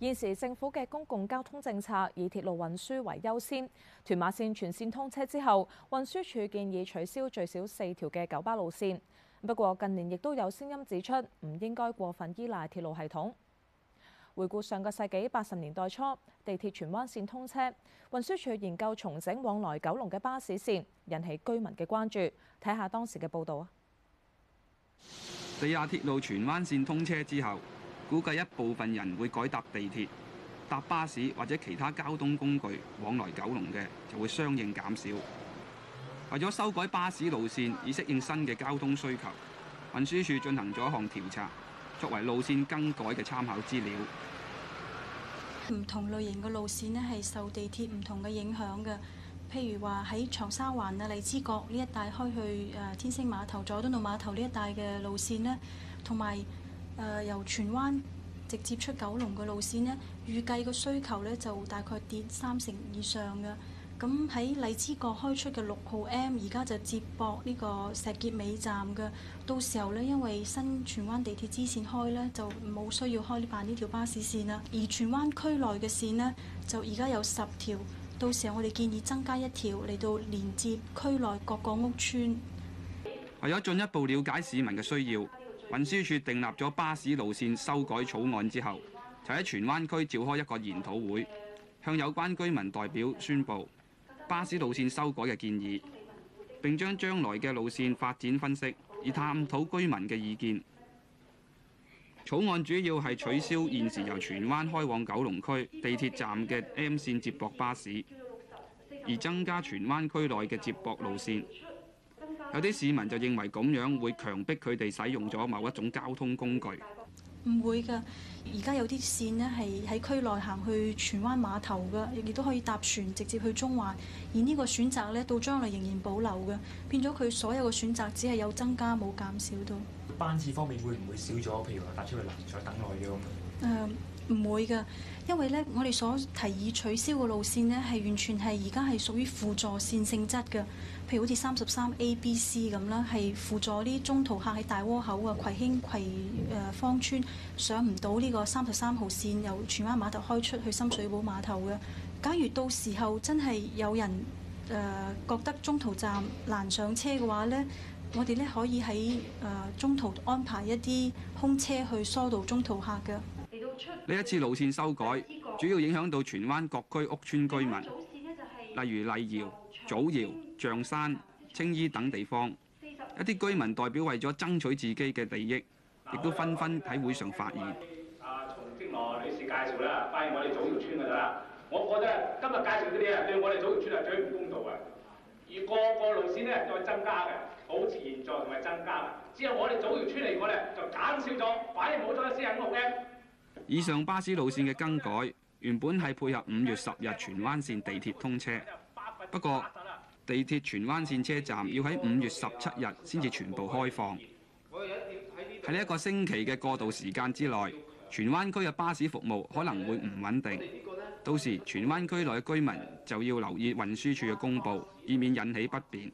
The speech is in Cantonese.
現時政府嘅公共交通政策以鐵路運輸為優先。屯馬線全線通車之後，運輸署建議取消最少四條嘅九巴路線。不過近年亦都有聲音指出，唔應該過分依賴鐵路系統。回顧上個世紀八十年代初，地鐵荃灣線通車，運輸署研究重整往來九龍嘅巴士線，引起居民嘅關注。睇下當時嘅報導啊！地下鐵路荃灣線通車之後。估計一部分人會改搭地鐵、搭巴士或者其他交通工具往來九龍嘅，就會相應減少。為咗修改巴士路線以適應新嘅交通需求，運輸署進行咗一項調查，作為路線更改嘅參考資料。唔同類型嘅路線呢，係受地鐵唔同嘅影響嘅。譬如話喺長沙灣啊、荔枝角呢一帶開去誒天星碼頭、佐敦道碼頭呢一帶嘅路線呢，同埋，誒、呃、由荃灣直接出九龍嘅路線咧，預計個需求咧就大概跌三成以上嘅。咁喺荔枝角開出嘅六號 M，而家就接駁呢個石硤尾站嘅。到時候呢，因為新荃灣地鐵支線開呢就冇需要開辦呢條巴士線啦。而荃灣區內嘅線呢，就而家有十條，到時候我哋建議增加一條嚟到連接區內各個屋邨。為咗進一步了解市民嘅需要，運輸署訂立咗巴士路線修改草案之後，就喺荃灣區召開一個研討會，向有關居民代表宣布巴士路線修改嘅建議，並將將來嘅路線發展分析，以探討居民嘅意見。草案主要係取消現時由荃灣開往九龍區地鐵站嘅 M 線接駁巴士，而增加荃灣區內嘅接駁路線。有啲市民就認為咁樣會強迫佢哋使用咗某一種交通工具，唔會㗎。而家有啲線呢係喺區內行去荃灣碼頭㗎，亦都可以搭船直接去中環。而呢個選擇咧到將來仍然保留㗎，變咗佢所有嘅選擇只係有增加冇減少到。班次方面會唔會少咗？譬如話搭出去南，再等耐啲。誒。唔會嘅，因為呢，我哋所提議取消嘅路線呢，係完全係而家係屬於輔助線性質嘅。譬如好似三十三 A、B、C 咁啦，係輔助啲中途客喺大窩口啊、葵興、葵誒芳村上唔到呢個三十三號線，由荃灣碼頭開出去深水埗碼頭嘅。假如到時候真係有人誒、呃、覺得中途站難上車嘅話呢，我哋呢可以喺誒、呃、中途安排一啲空車去疏導中途客嘅。呢一次路線修改主要影響到荃灣各區屋邨居民，例如麗瑤、祖堯、象山、青衣等地方。45 一啲居民代表為咗爭取自己嘅利益，亦都紛紛喺會上發言。阿馮經理女士介紹啦，發現我哋祖堯村嘅啦，我覺得今日介紹嗰啲人對我哋祖堯村係最唔公道嘅。而個個路線咧再增加嘅，保持現在同埋增加啦。只有我哋祖堯村嚟講咧就減少咗，反而冇咗以上巴士路線嘅更改，原本係配合五月十日荃灣線地鐵通車。不過，地鐵荃灣線車站要喺五月十七日先至全部開放。喺呢一個星期嘅過渡時間之內，荃灣區嘅巴士服務可能會唔穩定。到時荃灣區內嘅居民就要留意運輸署嘅公佈，以免引起不便。